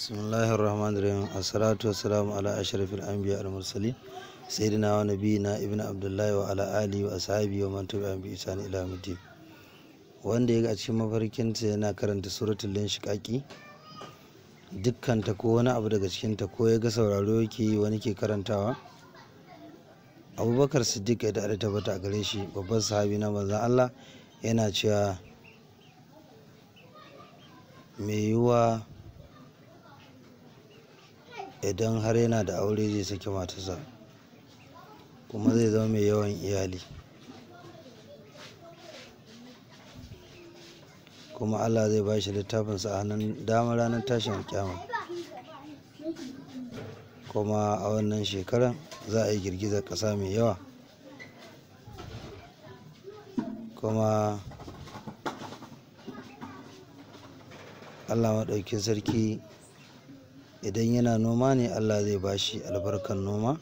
bismillahir rahmanir rahim assalatu wassalamu ala ashrafil anbiya al mursalin sayyidina wa nabiyina ibnu abdullahi wa ala alihi wa ashabihi wa man tabi'ahum bi ihsan ila wanda ya ga cikin ta yana karanta suratul linshiqaqi dukkanta ko wani abu daga cikin ta ko ya ga sauraro yake yi wani ke karantawa abubakar siddiq ya da tabbata a gare shi babban sahabi na manzon Allah yana cewa mai yiwuwa idan har yana da aure zai saki matarsa kuma zai zama mai yawan iyali kuma allah zai ba shi littafinsa a nan damar ranar tashin kyama kuma a wannan shekaran za a yi girgizar ƙasa mai yawa kuma allah maɗaukin sarki Idan yana noma ne Allah zai ba shi albarkar noma.